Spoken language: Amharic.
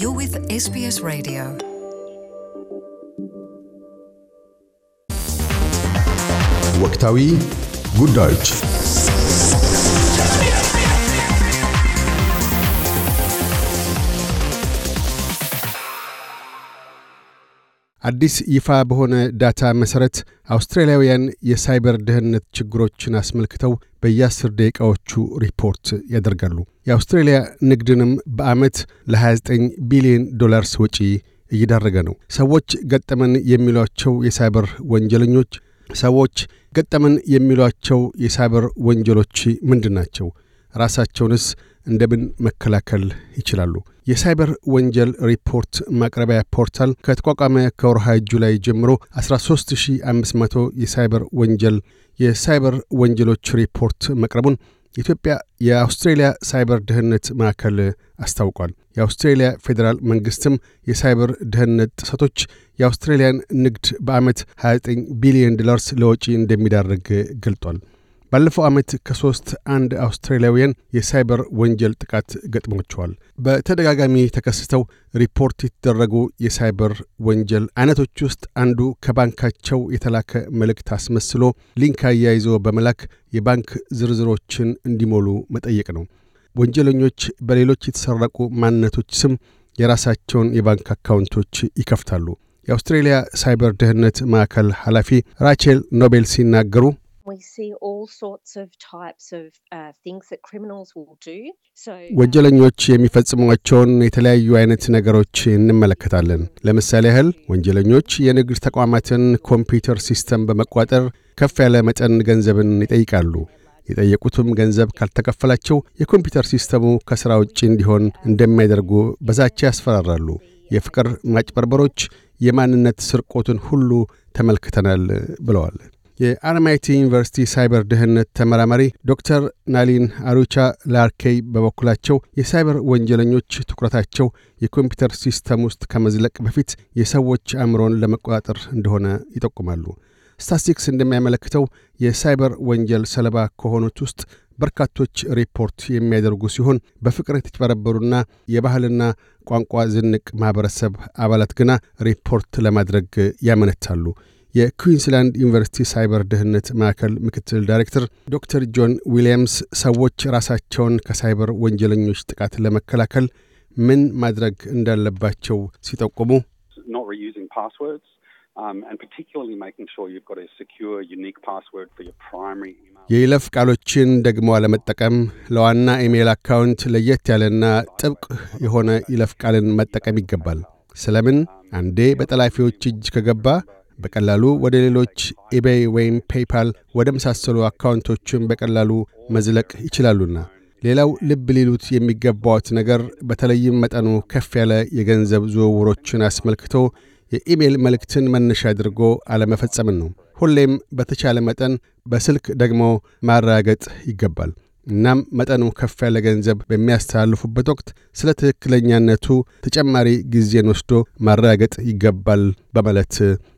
You're with SBS Radio. ወቅታዊ ጉዳዮች አዲስ ይፋ በሆነ ዳታ መሠረት አውስትራሊያውያን የሳይበር ደህንነት ችግሮችን አስመልክተው በየአስር ደቂቃዎቹ ሪፖርት ያደርጋሉ። የአውስትሬሊያ ንግድንም በዓመት ለ29 ቢሊዮን ዶላርስ ወጪ እየዳረገ ነው። ሰዎች ገጠመን የሚሏቸው የሳይበር ወንጀለኞች ሰዎች ገጠመን የሚሏቸው የሳይበር ወንጀሎች ምንድን ናቸው? ራሳቸውንስ እንደምን መከላከል ይችላሉ? የሳይበር ወንጀል ሪፖርት ማቅረቢያ ፖርታል ከተቋቋመ ከወርሃ እጁ ላይ ጀምሮ 13500 የሳይበር ወንጀል የሳይበር ወንጀሎች ሪፖርት መቅረቡን የኢትዮጵያ የአውስትሬሊያ ሳይበር ደህንነት ማዕከል አስታውቋል። የአውስትሬሊያ ፌዴራል መንግሥትም የሳይበር ደህንነት ጥሰቶች የአውስትሬሊያን ንግድ በዓመት 29 ቢሊዮን ዶላርስ ለወጪ እንደሚዳርግ ገልጧል። ባለፈው ዓመት ከሶስት አንድ አውስትራሊያውያን የሳይበር ወንጀል ጥቃት ገጥሞቸዋል። በተደጋጋሚ ተከስተው ሪፖርት የተደረጉ የሳይበር ወንጀል አይነቶች ውስጥ አንዱ ከባንካቸው የተላከ መልእክት አስመስሎ ሊንክ አያይዞ በመላክ የባንክ ዝርዝሮችን እንዲሞሉ መጠየቅ ነው። ወንጀለኞች በሌሎች የተሰረቁ ማንነቶች ስም የራሳቸውን የባንክ አካውንቶች ይከፍታሉ። የአውስትሬሊያ ሳይበር ደህንነት ማዕከል ኃላፊ ራቼል ኖቤል ሲናገሩ Uh, um ወንጀለኞች የሚፈጽሟቸውን የተለያዩ አይነት ነገሮች እንመለከታለን። mm. ለምሳሌ ያህል ወንጀለኞች የንግድ ተቋማትን ኮምፒውተር ሲስተም በመቋጠር ከፍ ያለ መጠን ገንዘብን ይጠይቃሉ። የጠየቁትም ገንዘብ ካልተከፈላቸው የኮምፒውተር ሲስተሙ ከሥራ ውጪ እንዲሆን እንደሚያደርጉ በዛቻ ያስፈራራሉ። የፍቅር ማጭበርበሮች፣ የማንነት ስርቆትን ሁሉ ተመልክተናል ብለዋል። የአርማይቲ ዩኒቨርሲቲ ሳይበር ደህንነት ተመራማሪ ዶክተር ናሊን አሩቻ ላርኬይ በበኩላቸው የሳይበር ወንጀለኞች ትኩረታቸው የኮምፒውተር ሲስተም ውስጥ ከመዝለቅ በፊት የሰዎች አእምሮን ለመቆጣጠር እንደሆነ ይጠቁማሉ። ስታስቲክስ እንደሚያመለክተው የሳይበር ወንጀል ሰለባ ከሆኑት ውስጥ በርካቶች ሪፖርት የሚያደርጉ ሲሆን በፍቅር የተጭበረበሩና የባህልና ቋንቋ ዝንቅ ማኅበረሰብ አባላት ግና ሪፖርት ለማድረግ ያመነታሉ። የኩዊንስላንድ ዩኒቨርሲቲ ሳይበር ደህንነት ማዕከል ምክትል ዳይሬክተር ዶክተር ጆን ዊልያምስ ሰዎች ራሳቸውን ከሳይበር ወንጀለኞች ጥቃት ለመከላከል ምን ማድረግ እንዳለባቸው ሲጠቁሙ um, የይለፍ ቃሎችን ደግሞ አለመጠቀም፣ ለዋና ኢሜይል አካውንት ለየት ያለና ጥብቅ የሆነ ይለፍ ቃልን መጠቀም ይገባል። ስለምን አንዴ በጠላፊዎች እጅ ከገባ በቀላሉ ወደ ሌሎች ኢቤይ ወይም ፔይፓል ወደ መሳሰሉ አካውንቶችን በቀላሉ መዝለቅ ይችላሉና። ሌላው ልብ ሊሉት የሚገባዎት ነገር በተለይም መጠኑ ከፍ ያለ የገንዘብ ዝውውሮችን አስመልክቶ የኢሜይል መልእክትን መነሻ አድርጎ አለመፈጸምን ነው። ሁሌም በተቻለ መጠን በስልክ ደግሞ ማረጋገጥ ይገባል። እናም መጠኑ ከፍ ያለ ገንዘብ በሚያስተላልፉበት ወቅት ስለ ትክክለኛነቱ ተጨማሪ ጊዜን ወስዶ ማረጋገጥ ይገባል በማለት